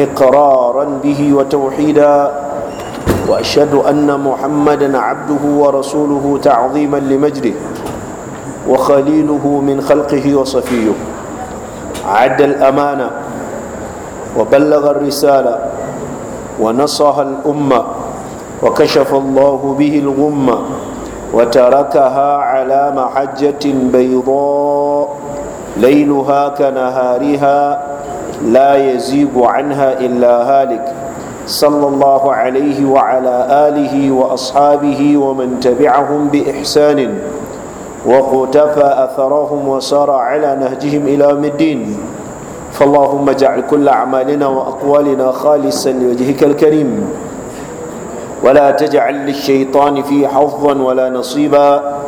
إقرارا به وتوحيدا وأشهد أن محمدا عبده ورسوله تعظيما لمجده وخليله من خلقه وصفيه عد الأمانة وبلغ الرسالة ونصها الأمة وكشف الله به الغمة وتركها على محجة بيضاء ليلها كنهارها لا يزيغ عنها إلا هالك صلى الله عليه وعلى آله وأصحابه ومن تبعهم بإحسان وقتفى أثرهم وسار على نهجهم إلى مدين فاللهم اجعل كل أعمالنا وأقوالنا خالصا لوجهك الكريم ولا تجعل للشيطان في حظا ولا نصيبا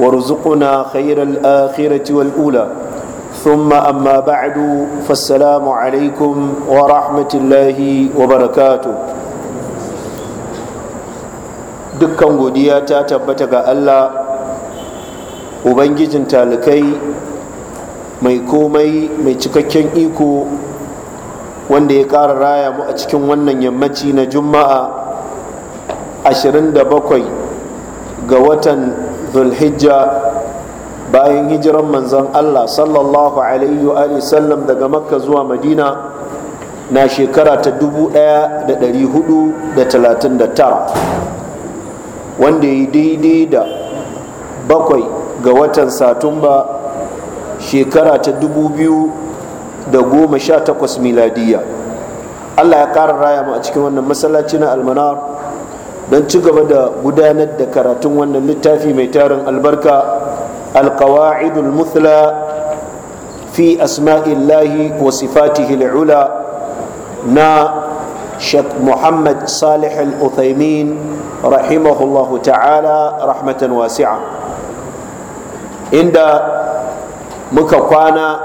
وارزقنا خير الآخرة والأولى ثم أما بعد فالسلام عليكم ورحمة الله وبركاته dukkan godiya ta tabbata ga Allah Ubangijin talikai mai komai mai cikakken iko wanda ya ƙara raya mu a cikin wannan yammaci na juma'a 27 ga watan zulhijja bayan hijiran manzon Allah sallallahu alaihi wa sallam daga makka zuwa madina na shekara ta 1439 wanda ya daidai da bakwai ga watan satumba shekara ta 2018 miladiya Allah ya kara raya mu a cikin wannan masallaci na almanar don ci gaba da gudanar da karatun wannan littafi mai tarin albarka القواعد المثلى في أسماء الله وصفاته العلى نا شك محمد صالح الأثيمين رحمه الله تعالى رحمة واسعة عند مكوانا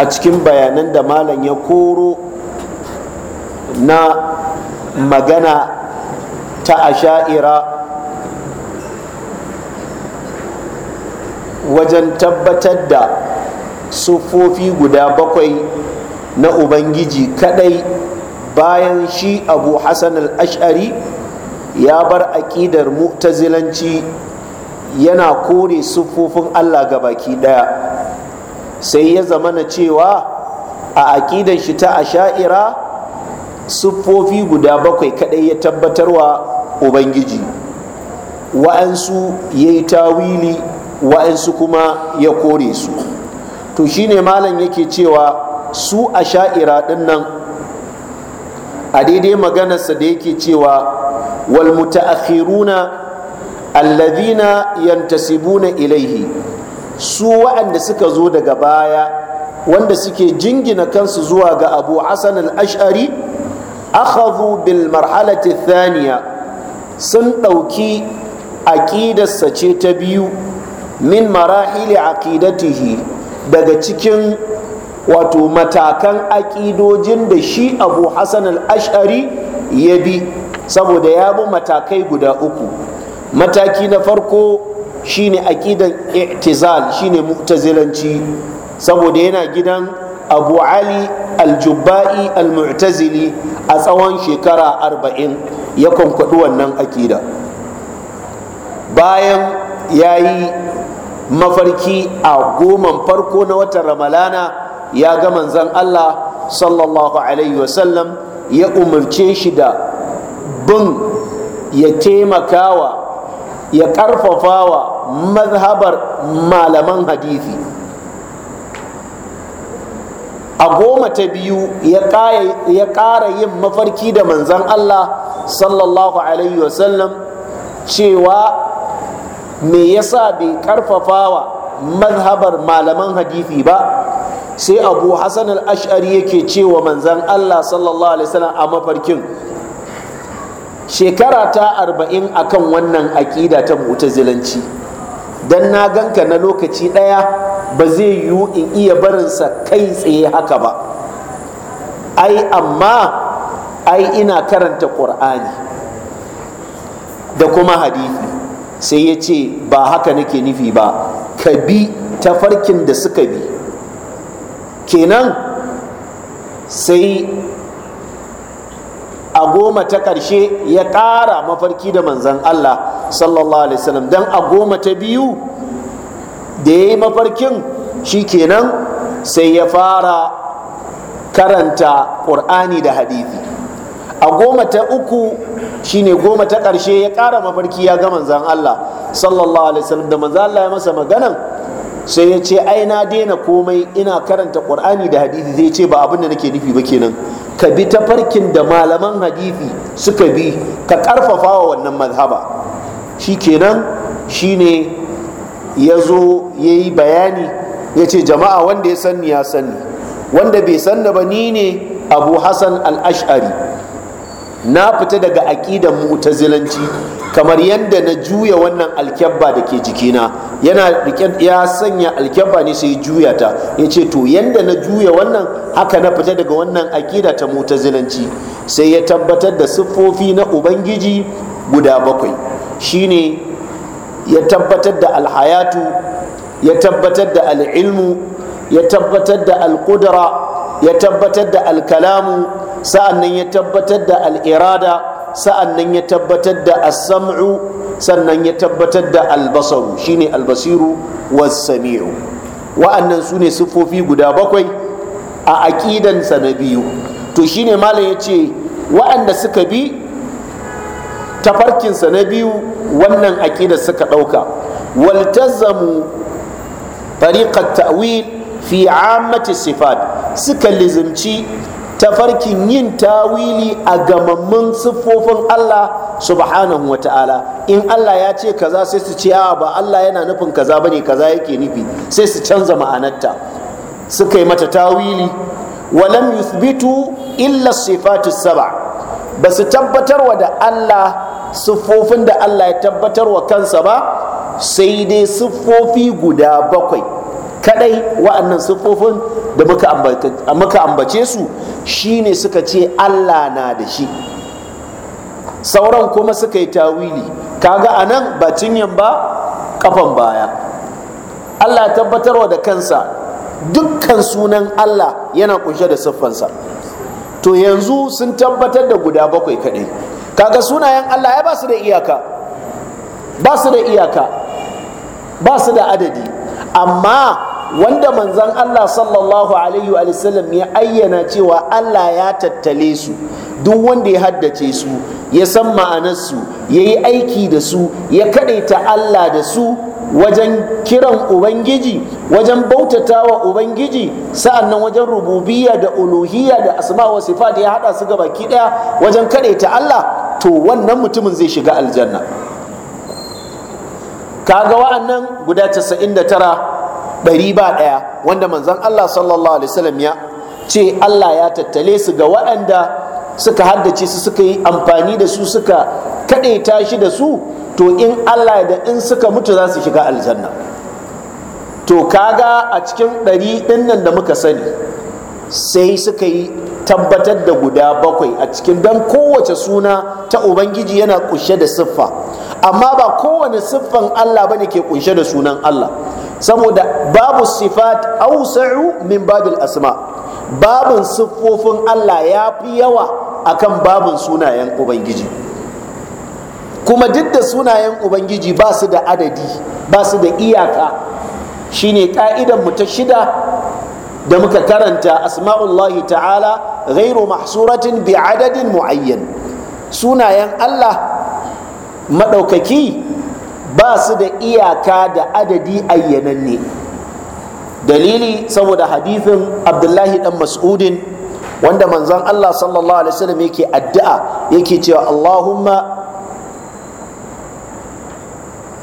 أتكم بيانا دمالا يكور نا مجانا ta asha'ira wajen tabbatar da sufofi guda bakwai na ubangiji kadai bayan shi abu hassan al-ash'ari ya bar aƙidar mu'tazilanci yana kore sufofin allah ga baki daya sai ya zama na cewa a aƙidar shi ta asha'ira sufofi guda bakwai kadai ya tabbatarwa ubangiji wa'ansu ya yi tawili wa'ansu kuma ya kore su to shine malam yake cewa su a sha'ira din nan a daidai maganarsa da yake cewa wal muta'akhiruna yantasibuna ilaihi su wa'anda suka zo daga baya wanda suke jingina kansu zuwa ga abu hasan al-ash'ari akhadhu bil marhalati thaniya sun ɗauki aƙidarsa ce ta biyu min marahili aqidatihi daga cikin wato matakan aƙidojin da shi abu hassan al-ash'ari ya bi saboda ya bi matakai guda uku mataki na farko shine aƙidan i'tizal shine mu'tazilanci saboda yana gidan abu ali al-jubba'i al-mu'tazili a tsawon shekara arba'in ya kwankwaɗi wannan aƙida bayan ya yi mafarki a goman farko na watan ramalana ya ga manzan Allah sallallahu alaihi wasallam ya umarce shi da bin ya taimakawa ya karfafawa mazhabar malaman hadithi a goma ta biyu ya ƙara yin mafarki da manzan Allah sallallahu alaihi wasallam cewa me yasa bai karfafawa mazhabar malaman hadithi ba sai abu hassan al-ash'ari yake cewa manzan allah sallallahu alaihi wasallam a mafarkin shekara ta arba'in akan wannan aƙida ta mutazilanci don na ganka na lokaci ɗaya ba zai yiwu in iya barinsa kai tsaye haka ba ai amma ai ina karanta ƙur'ani da kuma hadithi sai ya ce ba haka nake nufi ba ka bi tafarkin da suka bi kenan sai a goma ta ƙarshe ya ƙara mafarki da manzan Allah sallallahu alaihi wasallam don a goma ta biyu da ya yi mafarkin shi kenan sai ya fara karanta ƙur'ani da hadithi a goma ta uku shine goma ta ƙarshe ya ƙara mafarki ya ga manzan Allah sallallahu alaihi wasallam da manzan Allah ya masa maganan sai ya ce ai na daina komai ina karanta qur'ani da hadisi zai ce ba abin da nake nufi ba kenan ka bi ta farkin da malaman hadisi suka bi ka karfafa wa wannan mazhaba shi kenan shine ya zo ya yi bayani ya ce jama'a wanda ya sanni ya sanni wanda bai sanna ba ni ne abu hassan al-ash'ari na fita daga aƙidan mu'tazilanci kamar yadda na juya wannan alkyabba da ke jikina yana ya sanya alkyabba ne sai juya ta ya ce to yadda na juya wannan haka na fita daga wannan aƙida ta mu'tazilanci sai ya tabbatar da siffofi na ubangiji guda bakwai shine ya tabbatar da alhayatu ya tabbatar da al'ilmu ya tabbatar da alƙudura ya tabbatar da alkalamu sa'annan ya tabbatar da al'irada sa'annan ya tabbatar da asam'u sannan ya tabbatar da albasaru shine albasiru was-sami'u wa'annan su ne siffofi guda bakwai a aƙidansa na biyu to shine malam ya ce wa'anda suka bi tafarkinsa na biyu wannan aƙidar suka ɗauka waltazamu tariqat ta'wil fi ammati sifat suka lizimci tafarkin yin tawili a gamammun siffofin Allah subhanahu wa ta'ala in Allah ya ce kaza sai su ce a ba Allah yana nufin kaza bane kaza yake nufi sai su canza ma'anarta suka yi mata tawili walam yuthbitu illa sifatu saba ba su tabbatarwa da Allah siffofin da Allah ya tabbatar wa kansa ba sai dai siffofi guda bakwai kadai wa'annan siffofin da muka ambace su shine suka ce Allah na da shi sauran kuma suka yi tawili kaga a nan ba cinyan ba kafan baya Allah tabbatarwa da kansa dukkan sunan Allah yana kunshe da siffansa to yanzu sun tabbatar da guda bakwai kadai kaga sunayen Allah ya ba su da iyaka ba su da iyaka ba su da adadi amma wanda manzan Allah sallallahu alaihi wasallam ya ayyana cewa Allah ya tattale su duk wanda ya haddace su ya san ma'anarsu ya yi aiki da su ya ta Allah da su wajen kiran ubangiji wajen bautata wa ubangiji sa'an nan wajen rububiya da uluhiyya da asma wa sifat ya haɗa su baki ɗaya, wajen ta Allah to wannan mutumin zai shiga aljanna kaga wa'annan guda 99 ɗari ba ɗaya wanda manzon Allah sallallahu alaihi wasallam ya ce Allah ya tattale su ga waɗanda suka haddace su suka yi amfani da su suka kaɗaita shi da su to in Allah da in suka mutu za su shiga aljanna to kaga a cikin ɗari ɗin nan da muka sani sai suka yi tabbatar da guda bakwai a cikin don kowace suna ta ubangiji yana kushe da siffa amma ba kowane siffan Allah bane ke kunshe da sunan Allah saboda babu sifat ausa'u min babil asma babun siffofin Allah ya fi yawa akan babun sunayen ubangiji kuma duk da sunayen ubangiji ba su da adadi ba su da iyaka shine ka'idan mu ta shida da muka karanta asma'ullahi ta'ala ghairu mahsuratin bi adadin muayyan sunayen Allah maɗaukaki ba su da iyaka da adadi ayyananne dalili saboda hadifin abdullahi dan mas'udin wanda manzon Allah sallallahu alaihi wasallam yake addu'a yake cewa Allahumma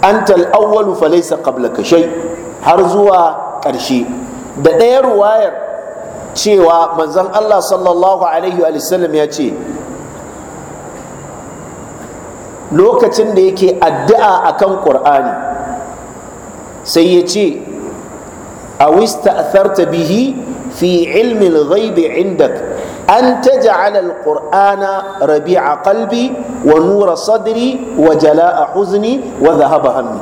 anta al-awwalu falaysa qablaka shay har zuwa ƙarshe da ɗaya ruwayar cewa manzon Allah sallallahu alaihi wasallam ya ce lokacin da yake addu'a kan qur'ani sai ya ce a wista'tharta bihi fi ilmi al-ghaibi indak an taj'ala al-qur'ana rabi'a qalbi wa nura sadri wa jala'a huzni wa dhahaba hammi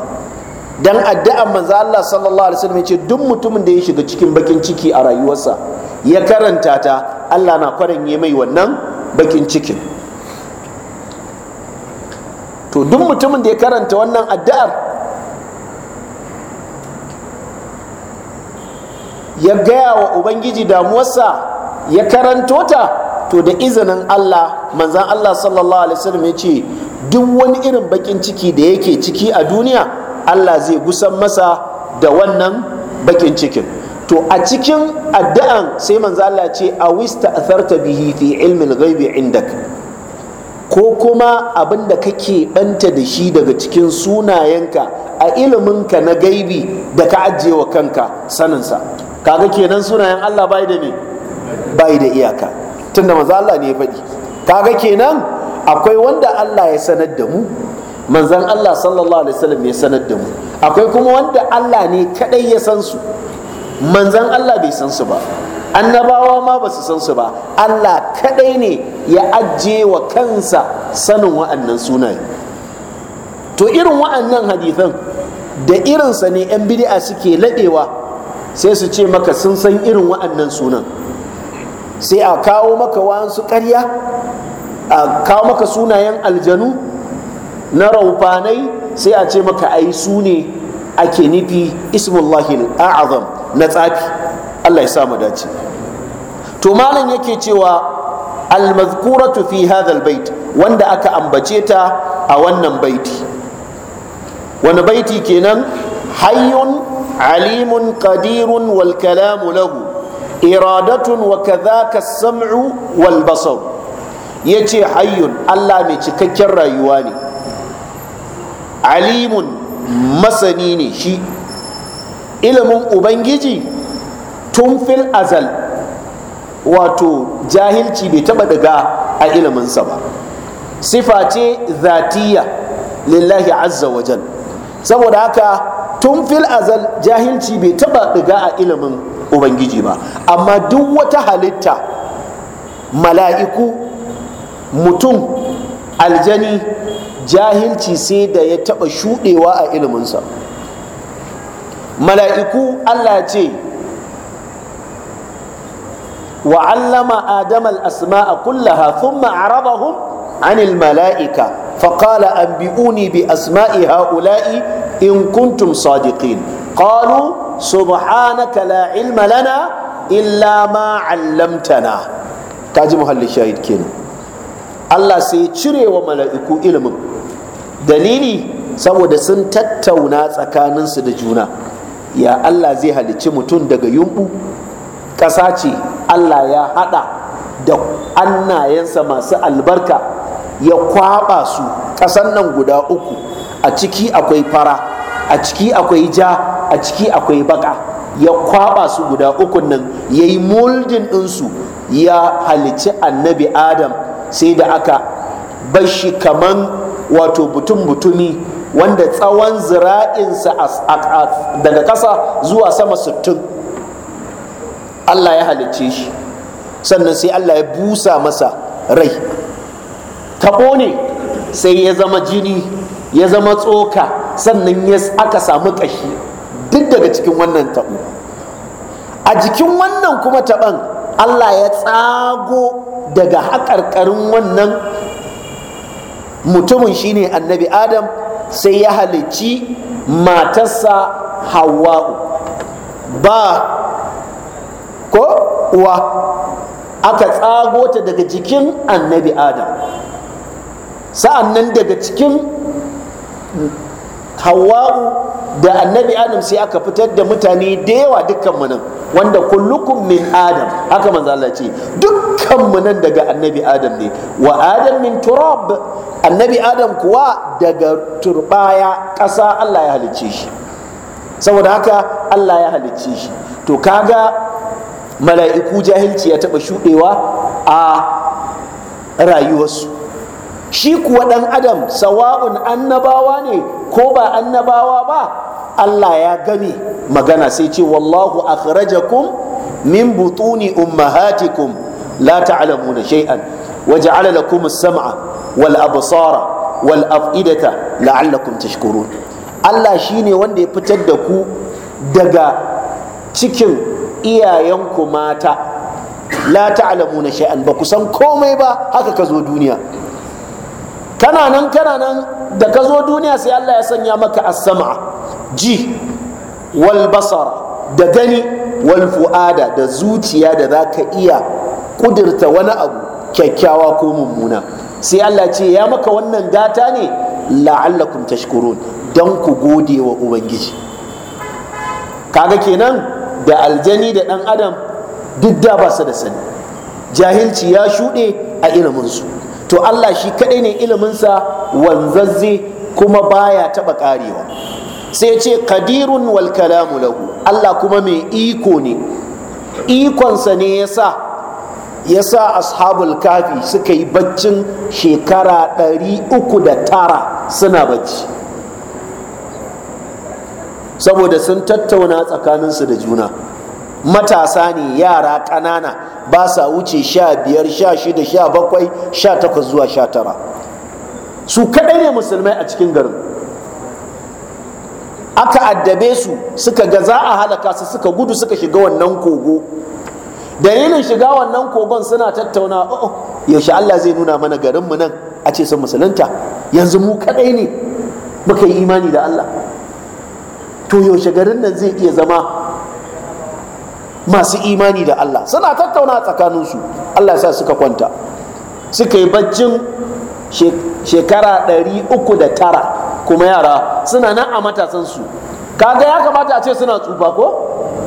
dan addu'a manzo Allah sallallahu alaihi wasallam yace duk mutumin da ya shiga cikin bakin ciki a rayuwarsa ya karanta ta Allah na kwaranye mai wannan bakin cikin to duk mutumin da ya karanta wannan addu'ar ya gaya wa ubangiji damuwarsa ya karanto ta to da izinin allah manzan allah sallallahu alaihi wasallam ya ce duk wani irin bakin ciki da yake ciki a duniya allah zai gusan masa da wannan bakin cikin to a cikin addu'an sai manzo Allah ce a wista atharta bihi fi ilmin ghaibi indaka ko kuma abin da kake banta da shi daga cikin sunayenka a iliminka na gaibi da ka ajiyewa kanka saninsa kaga kenan sunayen Allah bai da ne bai da iyaka tunda manzo Allah ne ya faɗi kaga kenan akwai wanda Allah ya sanar da mu manzon Allah sallallahu alaihi wasallam ya sanar da mu akwai kuma wanda Allah ne kadai ya san su manzon Allah bai san su ba annabawa ma ba su san su ba Allah kadai ne ya ajiye wa kansa sanin wa'annan sunaye to irin wa'annan hadithan da irinsa ne 'yan bid'a suke laɗewa sai su ce maka sun san irin wa'annan sunan sai a kawo maka su ƙarya a kawo maka sunayen aljanu na raufanai sai a ce maka ai su ne ake nufi ismullahil a'zam na tsafi Allah ya sa mu dace to malam yake cewa almazkuratu fi hadhal bait wanda aka ambace ta a wannan baiti wani baiti kenan hayyun alimun qadirun wal kalamu lahu iradatun wa kadhaka sam'u wal basar yace hayyun Allah mai cikakken rayuwa ne alimun masani ne shi ilimin ubangiji tun fil azal wato jahilci bai taba daga a iliminsa ba sifa ce zatiya lillahi azza wa jal saboda haka tun fil azal jahilci bai taba daga a ilimin ubangiji ba amma duk wata halitta mala'iku mutum aljani jahilci sai da ya taba shudewa a iliminsa mala'iku allah ce wa allama adam al-asma'a kullaha thumma arabahum عن الملائكة فقال أنبئوني بأسماء هؤلاء إن كنتم صادقين قالوا سبحانك لا علم لنا إلا ما علمتنا كاجي محل الشاهد كينا الله سيتشري وملائكو علم دليلي saboda sun tattauna tsakaninsu da juna ya Allah zai halicci mutum daga yumbu ƙasa ce Allah ya haɗa da annayensa masu albarka ya kwaɓa su ƙasan nan guda uku a ciki akwai fara a ciki akwai ja a ciki akwai baka ya kwaɓa su guda ukun nan ya yi moldin ɗinsu ya halici annabi adam sai da aka bashi kaman wato butun-butumi wanda tsawon zira'insa daga ƙasa zuwa sama sittin. Allah ya halicce shi sannan sai Allah ya busa masa rai taɓo ne sai ya zama jini ya zama tsoka sannan ya aka samu ƙashi duk daga cikin wannan tabo a jikin wannan kuma taɓan, Allah ya tsago daga haƙarƙarin wannan mutumin shine annabi adam sai ya halicci matarsa hawa'u ba uwa aka tsago ta daga jikin annabi adam sa'an nan daga cikin hawa'u da annabi adam sai aka fitar da mutane da yawa dukkan nan wanda kullukum min adam haka manzo Allah ce dukkan nan daga annabi adam ne wa adam min turab annabi adam kuwa daga turbaya ƙasa Allah ya halicce shi saboda haka Allah ya halicce shi to kaga mala'iku jahilci ya taɓa shuɗewa a rayuwarsu shi kuwa ɗan adam sawa'un annabawa ne ko ba annabawa ba Allah ya gami magana sai ce wallahu akhrajakum min butuni ummahatikum la ta'lamuna shay'an waja'ala lakum as-sam'a wal absara wal af'idata la'allakum tashkurun Allah shine wanda ya fitar da ku daga cikin iyayenku mata la ta'lamu na sha'an ba kusan komai ba haka ka zo duniya kana nan kana nan da ka zo duniya sai Allah ya sanya maka as-sam'a ji wal basar da gani wal fu'ada da zuciya da za ka iya kudirta wani abu kyakkyawa ko mummuna sai Allah ce ya maka wannan gata ne la'allakum tashkurun dan ku gode wa ubangiji kaga kenan da aljani da ɗan adam duk da ba su da sani jahilci ya shuɗe a iliminsu to allah shi kaɗai ne iliminsa wanzazze kuma baya taɓa ƙarewa sai ce kadirun wal kalamu allah kuma mai iko ne ikonsa ne ya sa ya sa ashabul kafi suka yi baccin shekara 309 suna bacci saboda sun tattauna tsakaninsu da juna matasa ne yara ƙanana ba sa wuce sha biyar sha shida sha bakwai sha takwas zuwa sha tara su kaɗai ne musulmai a cikin garin aka addabe su suka ga za a halaka su suka gudu suka shiga wannan kogo dalilin shiga wannan kogon suna tattauna oh, oh yaushe Allah zai nuna mana garinmu nan a ce sun musulunta yanzu mu kaɗai ne muka yi imani da Allah to yaushe garin nan zai iya zama masu imani da Allah suna tattauna tsakaninsu Allah sa suka kwanta suka yi baccin shekara ɗari uku da tara kuma yara suna nan a matasansu kaga ya kamata a ce suna tsufa ko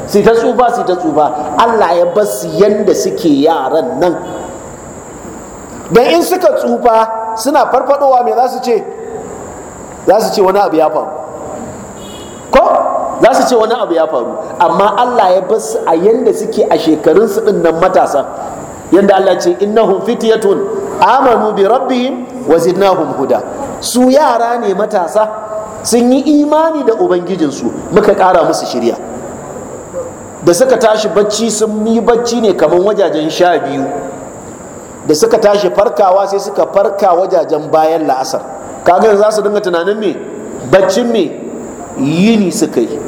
su ta tsufa su ta tsufa Allah ya bar su yanda suke yaran nan don in suka tsufa suna farfadowa me za su ce za su ce wani abu ya faru ko za su ce wani abu ya faru amma Allah ya bar su a yanda suke a shekarun su din nan matasa yanda Allah ce innahum fityatun amanu bi rabbihim wa zidnahum huda su yara ne matasa sun yi imani da ubangijinsu muka ƙara musu shirya da suka tashi bacci sun yi bacci ne kamar wajajen sha biyu da suka tashi farkawa sai suka farka wajajen bayan la'asar kaga za su dinga tunanin me baccin me yini suka yi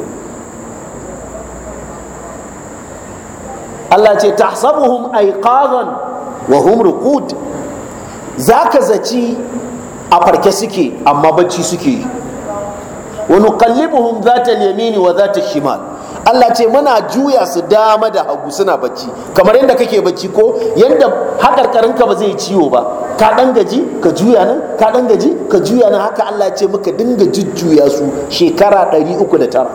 Allah ce tahsabuhum aiqazan wa hum ruqud zaka zaci a farke suke amma bacci suke yi wa nuqallibuhum zata al ni wa zata shimal Allah ce muna juya su dama da hagu suna bacci kamar yadda kake bacci ko yadda haƙarƙarinka ba zai ciwo ba ka ɗan gaji ka juya nan ka ɗan gaji ka juya nan haka Allah ce muka dinga jujjuya su shekara ɗari uku da tara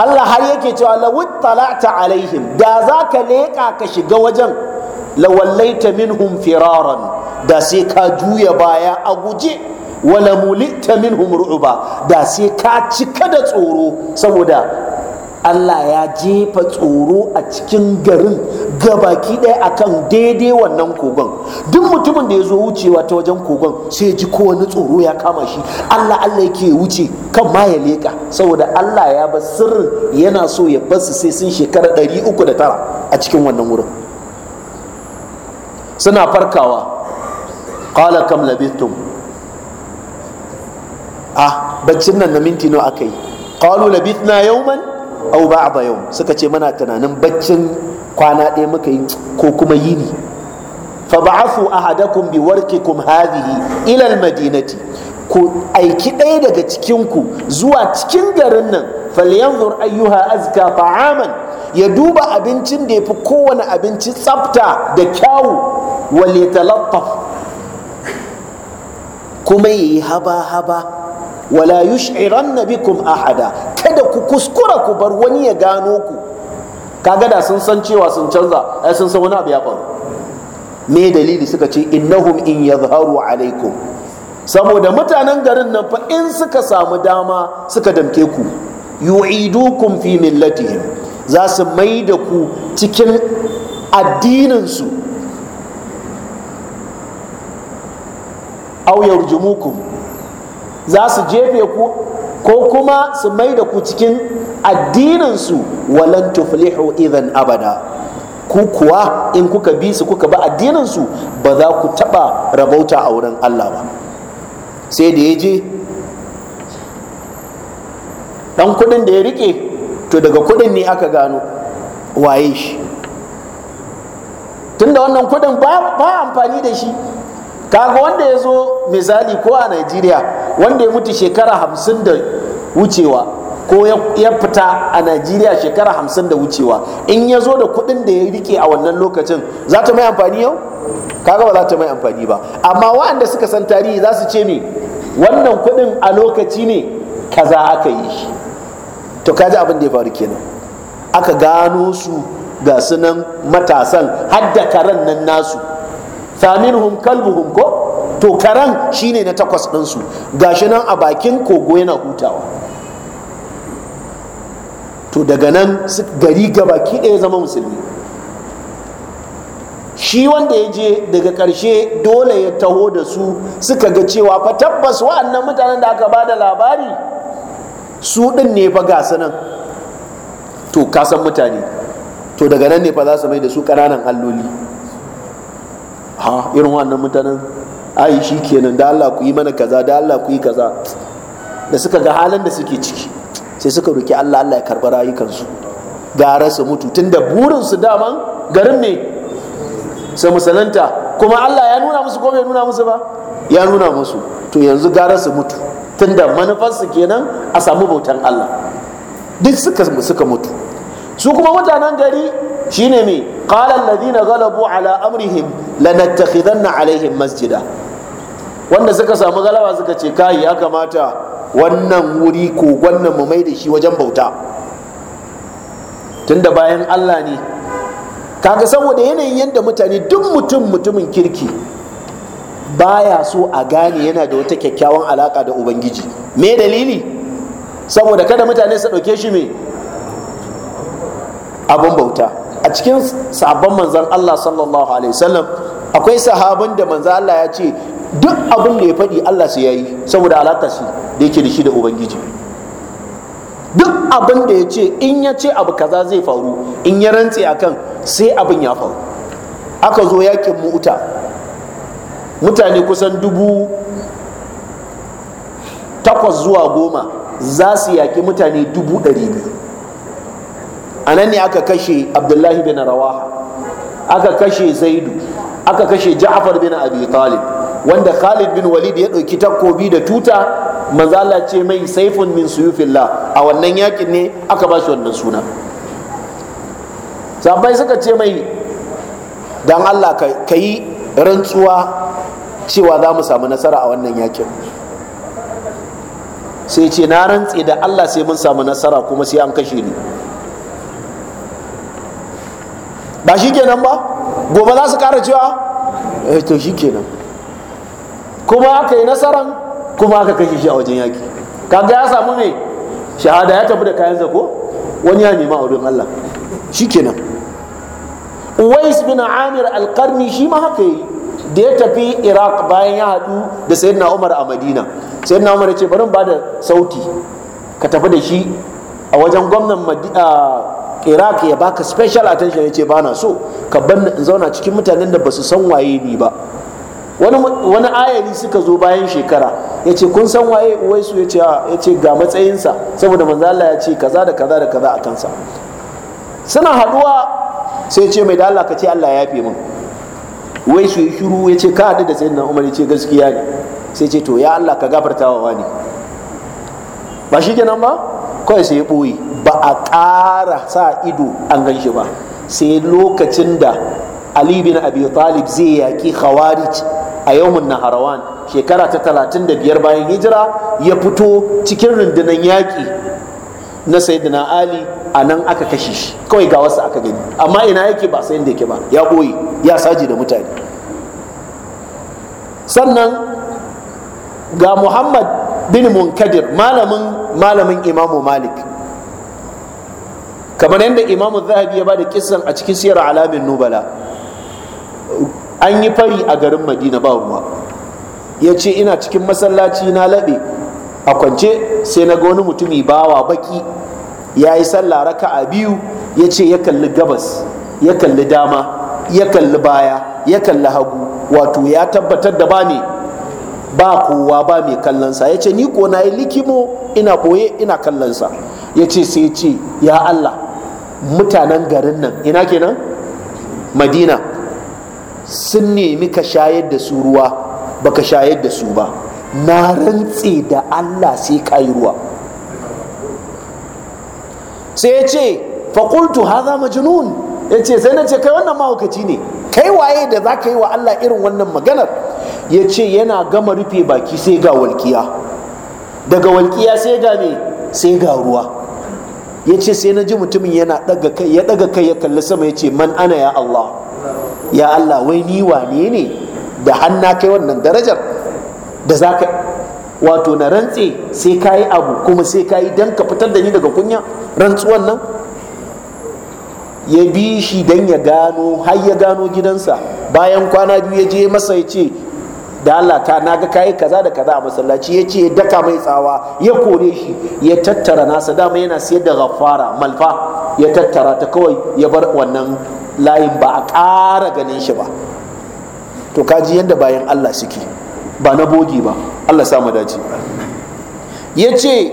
Allah har yake cewa lawit talata alaihim da za ka leƙa ka shiga wajen lawallaita minhum firaran da sai ka juya baya a guje wala mulita minhum ru'ba da sai ka cika da tsoro saboda Allah ya jefa tsoro a cikin garin ga baki ɗaya akan daidai wannan kogon duk mutumin da ya zo wucewa ta wajen kogon sai ji ko wani tsoro ya kama shi Allah Allah yake wuce kan ma ya leƙa saboda Allah ya ba sirrin yana so ya su sai sun shekara ɗari uku da tara a cikin wannan wurin suna farkawa qala kam labithtum a baccin nan na minti nawa aka yi qalu labithna yawman aw ba'd yawm suka ce muna tunanin baccin kwana ɗaya muka yi ko kuma yini fa ba'athu ahadakum bi warqikum hadhihi ila al-madinati ku aiki ɗaya daga cikin ku zuwa cikin garin nan falyanzur ayyuha azka ta'aman ya duba abincin da yafi kowane abinci tsafta da kyawu wale kuma yayi haba-haba wala yush'iranna bikum ahada kada ku kuskura ku bar wani ya gano ku kaga da sun san cewa sun canza ai sun san wani abu ya faru me dalili suka ce innahum in yadhharu alaikum saboda mutanen garin nan fa in suka samu dama suka damke ku yu'idukum fi millatihim za su mai da ku cikin addininsu au yarjumukum za su jefe ku ko kuma su mai da ku cikin addininsu walan tuflihu idan abada ku kuwa in kuka bi su kuka ba addininsu ba za ku taɓa rabauta a wurin Allah ba sai da ya je ɗan kuɗin da ya rike to daga kuɗin ne aka gano waye shi tunda wannan kuɗin ba amfani da shi kaga wanda ya zo misali ko a Najeriya wanda ya mutu shekara hamsin da wucewa ko ya fita a najeriya shekara hamsin da wucewa in ya zo da kuɗin da ya rike a wannan lokacin za ta mai amfani yau kaga ba za ta mai amfani ba amma waɗanda suka san tarihi za su ce me wannan kuɗin a lokaci ne kaza aka yi To ka ji abin da ya faru kenan aka gano su ga sunan matasan da karen nan nasu saminhum kalbuhum ko to karan shine na takwas ɗinsu gashi nan a bakin kogo yana hutawa to daga nan gari gabaki ɗaya zama musulmi shi wanda ya je daga ƙarshe dole ya taho da su suka ga cewa fa tabbas wa'annan mutanen da aka ba da labari su ɗin ne fa gasa nan to kasan mutane to daga nan ne fa za su mai da su ƙananan alloli ha irin wa'annan mutanen ai shi kenan da Allah ku yi mana kaza da Allah ku yi kaza da suka ga halin da suke ciki sai suka roki Allah Allah ya karɓi rayukansu gara su mutu tunda burin su daman garin ne su musalanta kuma Allah ya nuna musu ko bai nuna musu ba ya nuna musu to yanzu gara su mutu tunda su kenan a samu bautan Allah duk suka suka mutu su kuma mutanen gari shine me qala alladhina ghalabu ala amrihim lanattakhidanna alaihim masjida wanda suka samu galaba suka ce kayi ya kamata wannan wuri ko wannan mu mai da shi wajen bauta tunda bayan Allah ne kaga saboda yanayin yadda mutane duk mutum mutumin kirki baya so a gane yana da wata kyakkyawan alaka da ubangiji me dalili saboda kada mutane su ɗauke shi me abin bauta a cikin sabon manzan Allah sallallahu alaihi wasallam akwai sahabin da manzan Allah ya ce duk abin da ya faɗi Allah sai yayi saboda alakashi shi da yake da shi da ubangiji duk abin da ya ce in ya ce abu kaza zai faru in ya rantse akan sai abin ya faru aka zo yakin mu'uta mutane kusan dubu takwas zuwa goma za su yaƙi mutane dubu ɗari biyu a nan ne aka kashe abdullahi bin rawaha aka kashe zaidu aka kashe Ja'afar bin abi talib wanda Khalid bin Walid ya ɗauki takobi da tuta manzala ce mai saifun min suyufillah a wannan yakin ne aka ba shi wannan suna sabai suka ce mai dan Allah ka yi rantsuwa cewa za mu samu nasara a wannan yakin sai ce na rantse da Allah sai mun samu nasara kuma sai an kashe ni ba shi kenan ba gobe za su kara cewa eh, to shi kenan kuma aka yi nasaran kuma aka kashe shi a wajen yaki kaga ya samu mai shahada ya tafi da kayan zako wani ya nema a wurin Allah shikenan Uwais bin Amir al-Qarni shi ma haka yi da ya tafi Iraq bayan ya haɗu da Sayyidina Umar a Madina Sayyidina Umar ya ce bari ba da sauti ka tafi da shi a wajen gwamnan Iraq ya baka special attention ya ce bana so ka ban zauna cikin mutanen da ba su san waye ni ba wani ayari suka zo bayan shekara ya ce kun san waye Wai su ya ce ga matsayinsa saboda manzala ya ce kaza da kaza da kaza a kansa suna haduwa sai ce mai da Allah ka ce Allah ya yafe min su ya shiru ya ce ka haɗu da sayyidina Umar ya ce gaskiya ne sai ce to ya Allah ka gafarta wa wani ba shi kenan ba kawai sai ya ɓoye ba a ƙara sa ido an gan shi ba sai lokacin da Ali bin Abi Talib zai yaƙi Khawarij a yawmun naharawan shekara ta talatin da biyar bayan hijira ya fito cikin rundunar yaƙi na sayyidina ali a nan aka kashe shi kawai ga wasu aka gani amma ina yake ba sayin da yake ba ya ɓoye ya saji da mutane sannan ga muhammad bin munkadir malamin malamin imamu malik kamar yadda imamu zahabi ya ba da kissan a cikin siyar alamin nubala an yi fari a garin madina ba ruwa ya ce ina cikin masallaci na laɓe a kwance sai na ga wani mutumi bawa baki ya yi sallah a biyu ya ce ya kalli gabas ya kalli dama ya kalli baya ya kalli hagu wato ya tabbatar da ba ne ba kowa ba mai kallonsa ya ce ni ko na yi likimo ina boye ina kallonsa ya ce sai ce ya allah mutanen garin nan ina kenan madina sun nemi ka shayar da su ruwa baka shayar da su ba na rantse da Allah sai ka yi ruwa sai ya ce faƙultu haza majnun ya ce sai na ce kai wannan mahaukaci ne kai waye da za ka yi wa Allah irin wannan maganar ya ce yana gama rufe baki sai ga walƙiya daga walƙiya sai ga me sai ga ruwa ya ce sai na ji mutumin yana ɗaga kai ya ɗaga kai ya kalli sama ya ce man ana ya Allah ya Allah wai ni wane ne da hanna kai wannan darajar da za ka wato na rantse sai ka yi abu kuma sai ka yi don ka fitar da ni daga kunya rantsuwan nan ya bi shi don ya gano har ya gano gidansa bayan kwana biyu ya je masa ya ce da Allah ta naga kayi kaza da kaza a masallaci ya ce ya daka mai tsawa ya kore shi ya tattara nasa dama yana sayar da ghaffara malfa ya tattara ta kawai ya bar wannan layin ba a ƙara ganin shi ba to kaji yadda bayan Allah suke ba na bogi ba Allah samu dace ya ce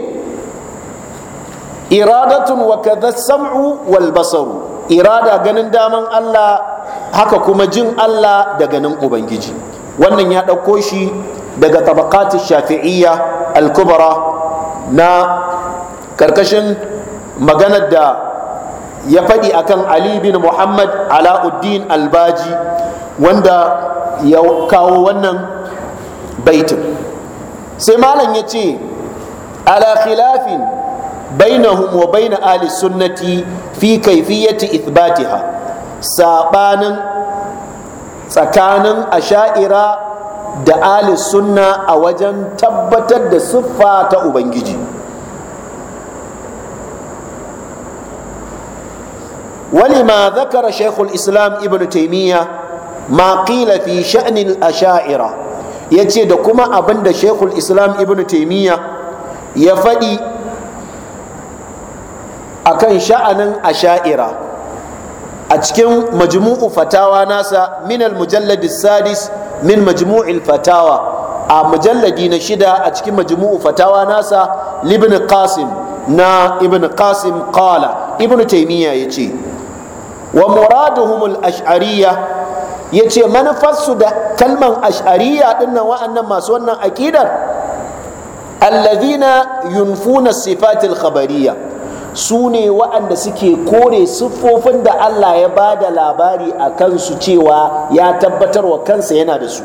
iradatun wa kaza sam'u wal basaru irada ganin daman Allah haka kuma jin Allah da ganin Ubangiji wannan ya ɗauko shi daga tabakatun shafi'iyya al na ƙarƙashin maganar da ya faɗi akan ali bin muhammad alauddin albaji wanda ya kawo wannan baitin sai malam ya ce ala khilafin bainahum wa baina ali sunnati fi kaifiyati ithbatiha sabanin tsakanin asha'ira da ahli sunna a wajen tabbatar da siffa ta ubangiji ولما ذكر شيخ الإسلام ابن تيمية ما قيل في شأن الأشاعرة يتي دكما أبند شيخ الإسلام ابن تيمية يفدي أكن شأن أشاعرة a cikin majmu'u fatawa nasa min al sadis min majmu'il fatawa a mujalladi na shida a cikin majmu'u fatawa nasa libn qasim na ibn qasim qala ibn taymiya yace wa muraduhum al-ash'ariyya yace manufarsu da kalman ash'ariyya dinnan wa'annan masu wannan aqidar alladhina yunfuna sifatil khabariyya su ne waɗanda suke kore siffofin da Allah ya ba da labari a kansu cewa ya tabbatar wa kansa yana da su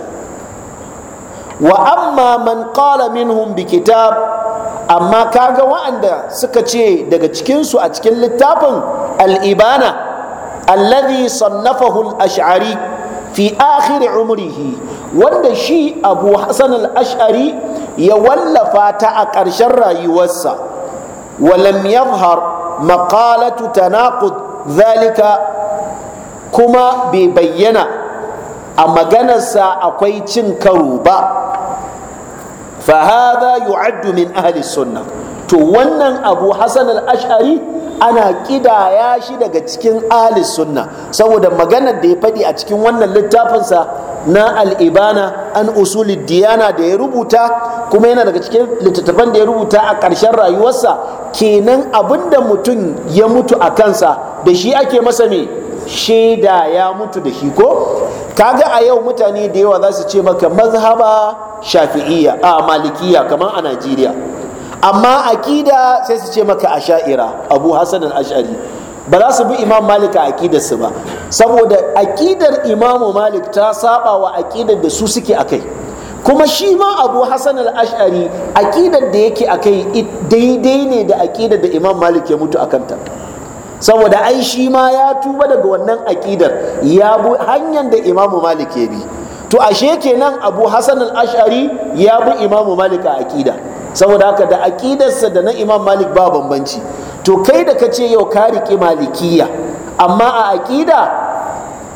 wa amma man qala minhum bi kitab amma kaga waɗanda suka ce daga cikinsu a cikin littafin al'ibana alladhi sannafahu al-ash'ari fi akhir umrihi wanda shi abu hasan al-ash'ari ya wallafa ta a ƙarshen rayuwarsa ولم يظهر مقالة تناقض ذلك كما ببينا أما جنس أقويت كروبا فهذا يعد من أهل السنة تونن أبو حسن الأشعري ana kidaya shi daga cikin ahli sunna saboda maganar da ya faɗi a cikin wannan littafinsa na al'ibana an usuli diyana da ya rubuta kuma yana daga cikin littattafan da ya rubuta a ƙarshen rayuwarsa kenan abin mutum ya mutu a kansa da shi ake masa mai shaida ya mutu da shi ko kaga a yau mutane da yawa za su ce maka mazhaba shafi'iyya a malikiya kamar a najeriya amma akida sai su ce maka asha'ira abu hassan al-ash'ari ba za su bi imam malik a akidarsu ba saboda akidar imamu malik ta saba wa akidar da su suke akai kai kuma shi ma abu hassan al-ash'ari aƙidar da yake a kai daidai ne da aƙidar da imam malik ya mutu a kanta saboda ai shi ma ya tuba daga wannan aƙidar ya bu hanyar da Imam malik ya bi to ashe kenan abu hassan al-ash'ari ya bi Imam malik a aƙida saboda haka da aƙidarsa da na imam malik ba bambanci to kai da kace yau ka riƙe malikiya amma a aƙida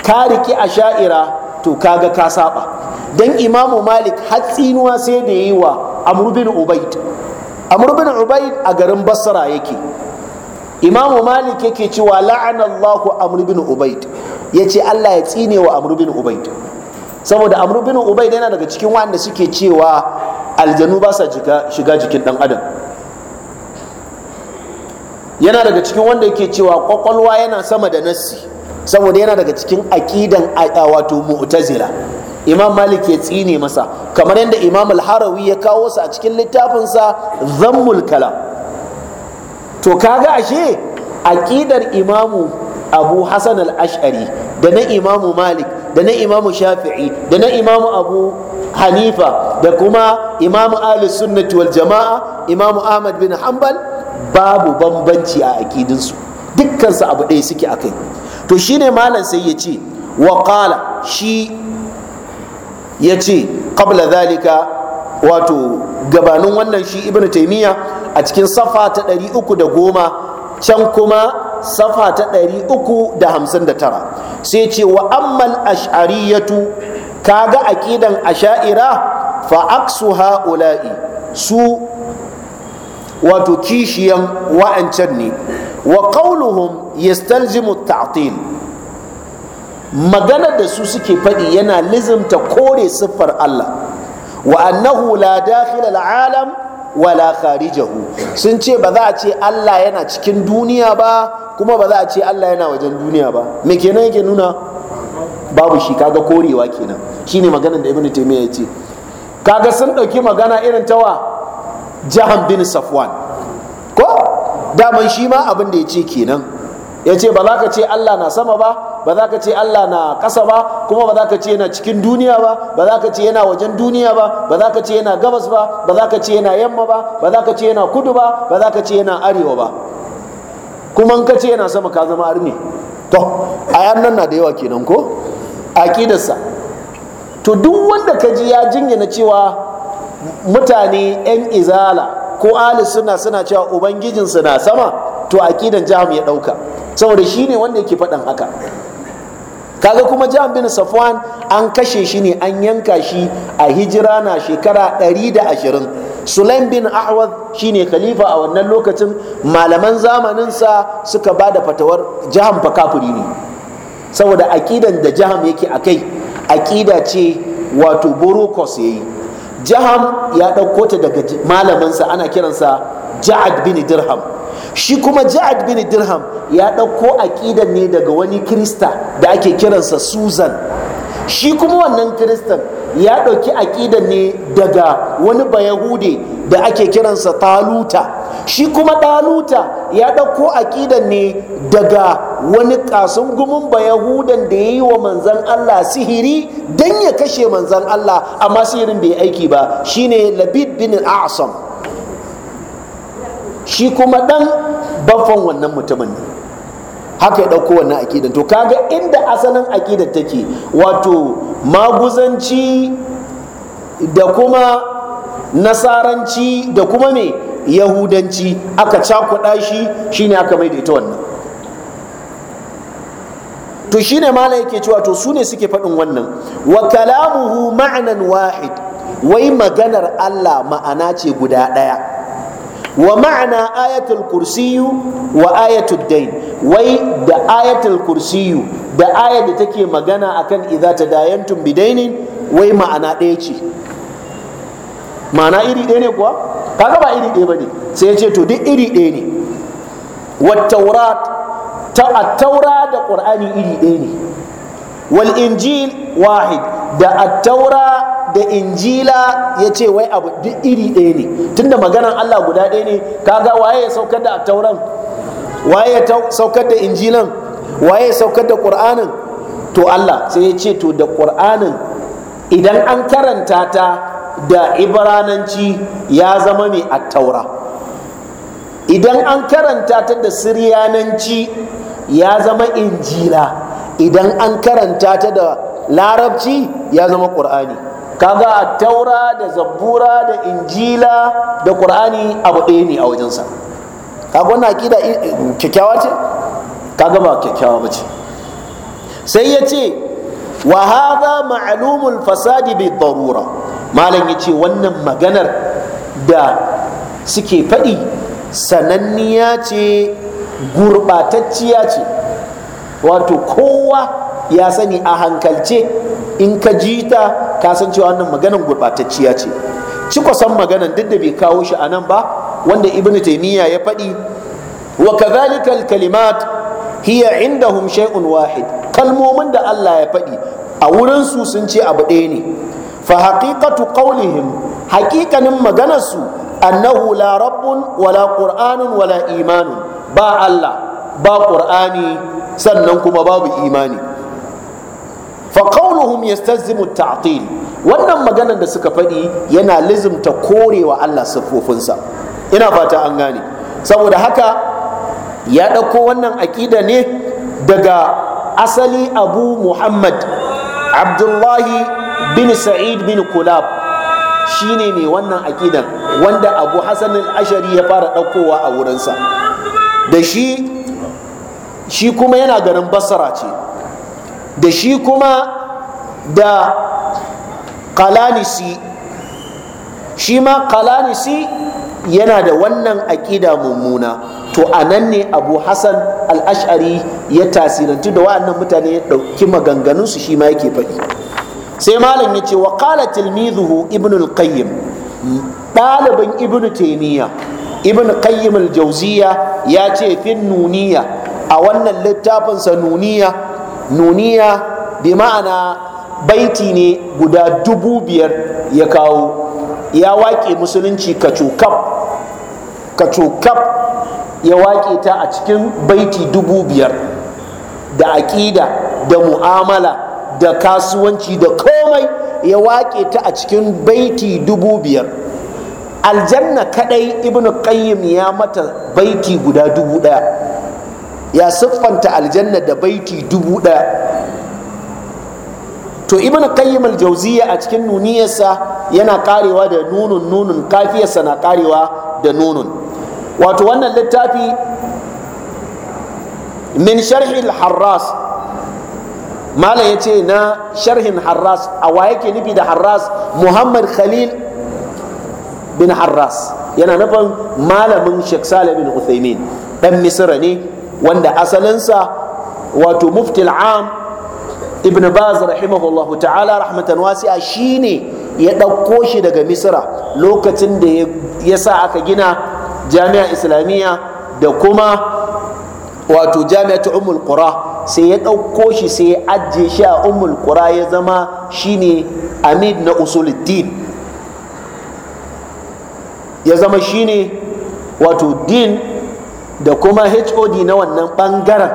ka a asha'ira to kaga ka saba dan imamu malik hatsinuwa sai da yi wa Amurbin ubaid Amurbin ubaid a garin basra yake imamu malik yake cewa la'anallahu Amurbin Ubaid ubaid ce Allah ya tsine wa Amurbin ubaid saboda Amurbin ubaid yana daga cikin wanda suke cewa aljanu ba sa shiga jikin dan adam yana daga cikin wanda yake cewa kwakwalwa yana sama da nassi saboda yana daga cikin a wato mu'tazila imam malik ya tsine masa kamar yadda imam al-harawi ya kawo su a cikin littafinsa zammul kalam to kaga ashe aqidar imamu abu hasan al-ash'ari da na imamu malik da na imamu shafi'i da na imamu abu hanifa da kuma imamu ahli sunnati wal jama'a imam ahmad bin hanbal babu bambanci a aqidinsu dukkansu abu ɗaya suke akai to shine malam sai ya ce wa qala shi ya ce 'Kabla zalika wato gabanin wannan shi Ibn taimiyya a cikin safa ta goma, can kuma safa ta tara? sai ce wa ammal ash'ariyatu kaga aqidan asha'ira fa aksu ha'ula'i su wato kishiyan wa'ancan ne wa qauluhum yastalzimu ta'til magana da su suke faɗi yana lizimta kore siffar Allah wa annahu la alam wa wala kharijahu sun ce ba za a ce Allah yana cikin duniya ba kuma ba za a ce Allah yana wajen duniya ba me kenan yake nuna babu shi kaga korewa kenan shine maganar da ibnu taymiya yace kaga sun ɗauki magana irin ta wa jahan bin safwan ko da man shi ma abin da ya kenan yace ce ba za ka ce Allah na sama ba ba za ka ce Allah na ƙasa ba kuma ba za ka ce yana cikin duniya ba ba za ka ce yana wajen duniya ba ba za ka ce yana gabas ba ba za ka ce yana yamma ba ba za ka ce yana kudu ba ba za ka ce yana arewa ba kuma in ka ce yana sama ka zama arni to ayan nan na da yawa kenan ko aqidarsa to duk wanda ka ji ya jingina cewa mutane yan izala ko Ali suna suna cewa ubangijinsu na sama to aqidan jaham ya dauka saboda shine wanda yake faɗan haka kaga kuma jihar bin safwan an kashe shi ne an yanka shi a hijira na shekara 120 sulaim bin ahwad ne khalifa a wannan lokacin malaman zamaninsa suka ba da fatawar jihar fakafuri ne saboda aƙidan da jihar yake a kai aƙida ce wato borokos ya yi jaham ya ɗauko ta daga malamansa ana kiransa ja'ad bin dirham shi kuma ja'ad bin dirham ya ɗauko aƙidan ne daga wani krista da ake kiransa susan shi kuma wannan kiristan ya ɗauki aƙidan ne daga wani bayahude da ake kiransa taluta shi kuma taluta ya ɗauko aƙidan ne daga wani kasum gumin ba yahudan da ya yi wa manzan Allah sihiri don ya kashe manzan Allah amma sihirin bai aiki ba shine labid bin al'asam shi kuma dan bafan wannan mutumin ne haka ya ɗauko wannan akidan to kaga inda asalin akidan take wato maguzanci da kuma nasaranci da kuma me yahudanci aka cakuɗa shi shine aka maida ita wannan to shine mala yake cewa to su ne suke faɗin wannan wa kalamuhu ma'anan wahid wai maganar Allah ma'ana ce guda ɗaya wa ma'ana ayatul kursiyu wa ayatul dain wai da ayatul kursiyu da aya da take magana akan idza tadayantum bidainin wai ma'ana ɗaya ce ma'ana iri ɗaya ne kuwa kaga ba iri ɗaya bane sai ya ce to duk iri ɗaya ne wa taurat attaura da ƙur'ani iri ɗaya ne wal injil wahid da attaura da injila ya ce wai abu duk iri ɗaya ne tunda maganar allah guda ɗaya ne kaga waye ya saukar da tauran? waye ya saukar da injilan waye ya saukar da ƙur'anin to allah sai ya ce to da ƙur'anin idan an karanta ta da ibrananci ya zama mai attaura idan an karanta ta da siryananci ya zama injila idan an karanta ta da larabci ya zama ƙur'ani kaga a taura da zabbura da injila da ƙur'ani abu ɗaya ne a wajensa kaga wannan aƙida kyakkyawa ce kaga ba kyakkyawa ba ce sai ya ce wa haza ma'alumul fasadi bi darura malam ya ce wannan maganar da suke faɗi sananniya ce gurɓatacciya ce wato kowa ya sani a hankalce in ka ji ta ka san cewa wannan maganan gurɓatacciya ce ci kwasan maganan duk da bai kawo shi a nan ba wanda ibnu taimiyya ya faɗi wa kadhalika al kalimat hiya indahum shay'un wahid kalmomin da Allah ya faɗi a wurin su sun ce abu ɗaya ne fa haqiqatu qawlihim haqiqanin maganarsu annahu la rabbun wala qur'anun wala imanun ba Allah ba ƙur'ani sannan kuma babu imani fa qawluhum yastazzimu tatil wannan maganar da suka faɗi yana lizimta korewa Allah siffofinsa ina fata an gane saboda haka ya ɗauko wannan aƙida ne daga asali abu muhammad abdullahi bin sa'id bin kulab shine mai wannan aqidan wanda abu hasan al-ashari ya fara ɗaukowa a wurinsa da shi shi kuma yana garin basara ce da shi kuma da kalanisi shi ma kalanisi yana da wannan aƙida mummuna to a nan ne abu hassan al-ash'ari ya tasirantu da wa'annan mutane ya ɗauki maganganunsu shi ma yake faɗi sai malam ya ce wa qala tilmizuhu ibn al-qayyim ɗalibin ibn taymiya ibn qayyim al-jawziya ya ce fin nuniya a wannan littafin sa nuniya nuniya bi ma'ana baiti ne guda dubu biyar ya kawo ya waƙe musulunci kacokaf ya waƙe ta a cikin baiti dubu biyar da aƙida da mu'amala da kasuwanci da komai ya waƙe ta a cikin baiti dubu biyar aljanna kadai Ibn qayyim ya mata baiti guda dubu ɗaya ya siffanta aljanna da baiti dubu ɗaya to Ibn qayyim aljauziya a cikin nuniyarsa yana karewa da nunun nunun kafiyarsa na karewa da nunun wato wannan littafi min sharhi al-harras malam ya ce na sharhin harras a wa yake nufi da harras muhammad khalil bin harras yana nufin malamin sheikh salih bin uthaymin dan misira ne wanda asalinsa wato muftil am ibn baz rahimahullah ta'ala rahmatan wasi'a shine ya ɗauko shi daga misira lokacin da ya sa aka gina jami'a islamiyya da kuma wato jami'atu umul qura sai ya ɗauko shi sai ya ajiye shi a umul kura ya zama shine amid na usuluddin ya zama shine wato din da kuma hod na wannan ɓangaren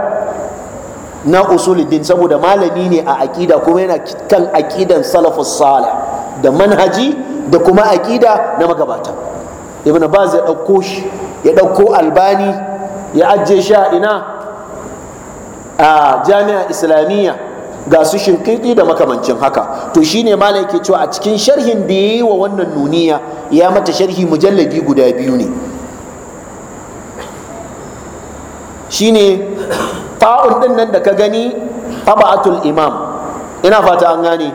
na usuluddin saboda malami ne a aƙida kuma yana kan aƙidan salafus salih da manhaji da kuma aƙida na magabata ibn baz ya ɗauko shi ya ɗauko albani ya ajiye shi a ina a jami'a islamiyya ga su shinkiti da makamancin haka to shine malam cewa a cikin sharhin da wa wannan nuniya ya mata sharhi mujalladi guda biyu ne shine fa'un din nan da ka gani taba'atul imam ina fata an gane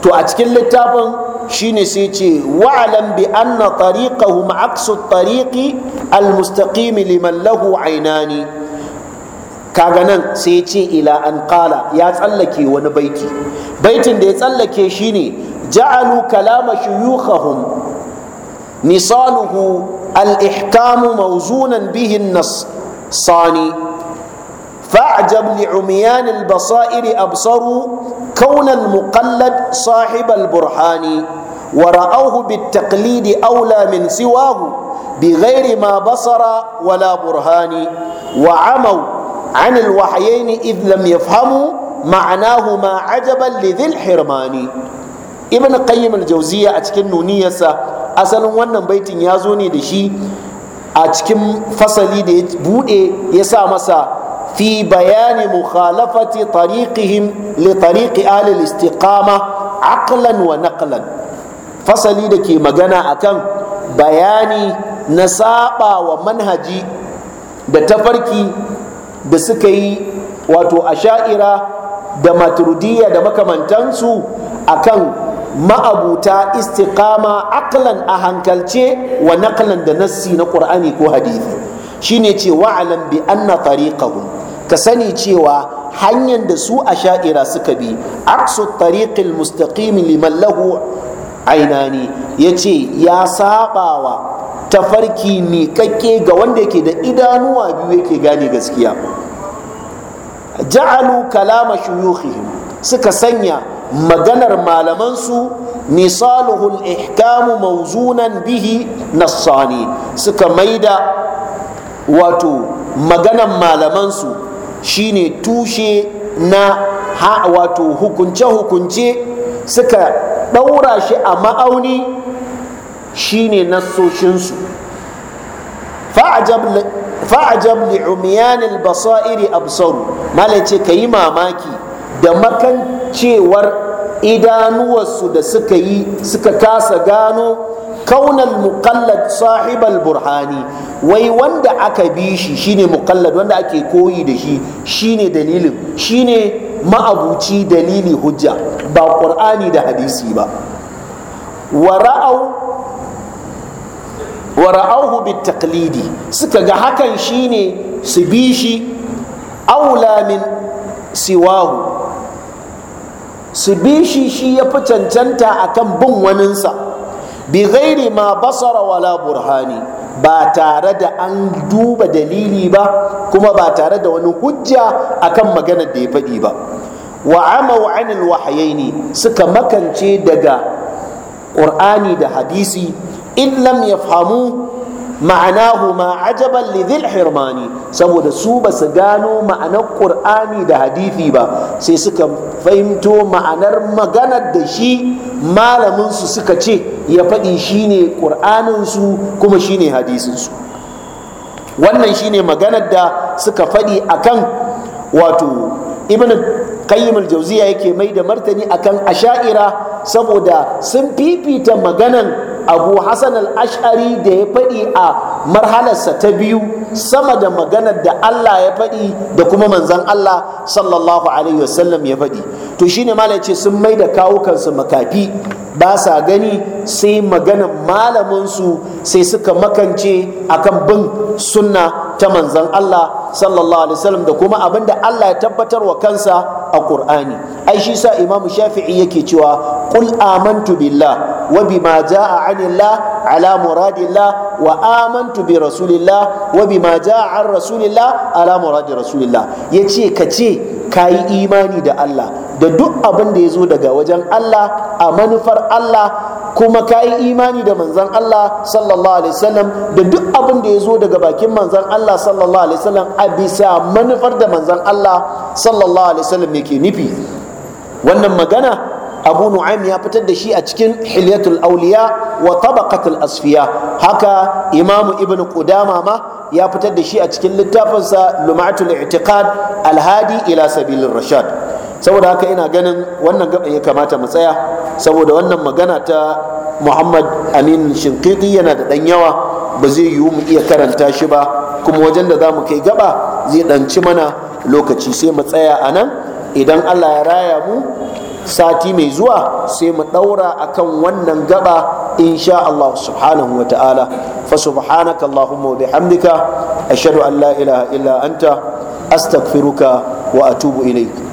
to a cikin littafin shine sai ce wa'alam bi anna tariqahum aqsu tariqi al-mustaqim liman lahu aynani kaga nan sai ya ce ila an kala ya tsallake wani baiti baitin da ya tsallake shine ja'alu kalama shuyukhahum Nisanuhu al-ihkamu mawzunan bihin nas sani فاعجب لعميان البصائر أبصروا كون المقلد صاحب البرهان ورأوه بالتقليد أولى من سواه بغير ما بصر ولا برهان وعموا عن الوحيين إذ لم يفهموا معناهما عجبا لذي الحرمان ابن قيم الجوزية أتكن نونية أصلا وانا بيت يازوني دشي أتكن فصلي دي بوئي يسا مسا في بيان مخالفة طريقهم لطريق آل الاستقامة عقلا ونقلا فصلي دكي مجانا أكن بياني نسابا ومنهجي da tafarki da suka yi wato asha'ira da maturidiyya da makamantansu akan ma'abuta istiqama aklan a hankalce wa naqlan da nassi na qur'ani ko hadisi shine ce wa'alam bi anna tariqahum ka sani cewa hanyar da su asha'ira suka bi aksu tariqil mustaqim liman lahu ainani ya ce ya sabawa tafarki miƙaƙƙe ga wanda yake da idanuwa biyu yake gane gaskiya ja'alu kalama shuyukhihim suka sanya maganar malamansu misaluhul ihkamu mauzunan bihi nassani suka maida wato maganan malamansu shine tushe na ha wato hukunce-hukunce suka ɗaura shi a ma'auni shine nassoshinsu fa'ajab li'umiyanil basairi absaru malai ce ka yi mamaki da makancewar idanuwarsu da suka yi suka kasa gano kaunal muqallad sahibal burhani wai wanda aka bi shi shine muqallad wanda ake koyi da shi shine dalilin shine ma'abuci dalili hujja ba qur'ani da hadisi ba wa ra'au wa ra'awhu taklidi, suka ga hakan shine su bi shi aula min siwahu su bi shi shi ya fi cancanta akan bin waninsa bi ghairi ma basara wala burhani ba tare da an duba dalili ba kuma ba tare da wani hujja akan maganar da ya faɗi ba wa amau anil wahayaini suka makance daga ƙur'ani da hadisi in lam yafhamu ma'anahu ma ajaban li dhil hirmani saboda su ba su gano ma'anar qur'ani da hadisi ba sai suka fahimto ma'anar maganar da shi malamin su suka ce ya faɗi shine qur'anin su kuma shine hadisin su wannan shine maganar da suka faɗi akan wato ibn qayyim al-jawziya yake mai da martani akan asha'ira saboda sun fifita maganan abu hassan al-ash'ari da ya faɗi a marhalarsa ta biyu sama da maganar da allah ya faɗi da kuma manzan allah sallallahu alaihi wasallam ya faɗi to shine ne ce sun mai da kawukansu makafi ba sa gani sai maganan malaminsu sai suka makance akan bin sunna ta manzan Allah sallallahu alaihi wasallam da kuma abinda Allah ya tabbatar wa kansa a ƙur'ani ai shi sa Imam Shafi'i yake cewa qul amantu billah wa bima jaa anillah ala muradillah wa amantu bi rasulillah wa bima jaa an rasulillah ala muradi rasulillah yace ka ce kayi imani da Allah da duk abin da ya zo daga wajen Allah a manufar Allah kuma kayi imani da manzan Allah sallallahu alaihi wasallam da duk abin da ya zo daga bakin manzan Allah sallallahu alaihi wasallam a bisa manufar da manzan Allah sallallahu alaihi wasallam yake nufi wannan magana abu nu'aym ya fitar da shi a cikin hilyatul auliya wa tabaqatul asfiya haka imamu ibn qudama ma ya fitar da shi a cikin littafinsa lumatul i'tiqad alhadi ila sabilir rashad saboda haka ina ganin wannan gaba ya kamata mu tsaya saboda wannan magana ta muhammad amin shinkiti yana da ɗan yawa ba zai yiwu mu iya karanta shi ba kuma wajen da zamu kai gaba zai ɗanci mana lokaci sai mu tsaya anan, idan allah ya raya mu sati mai zuwa sai mu daura akan wannan gaba insha Allah subhanahu wa ta'ala fa subhanaka allahumma wa bihamdika ashhadu an la ilaha illa anta astaghfiruka wa atubu ilayk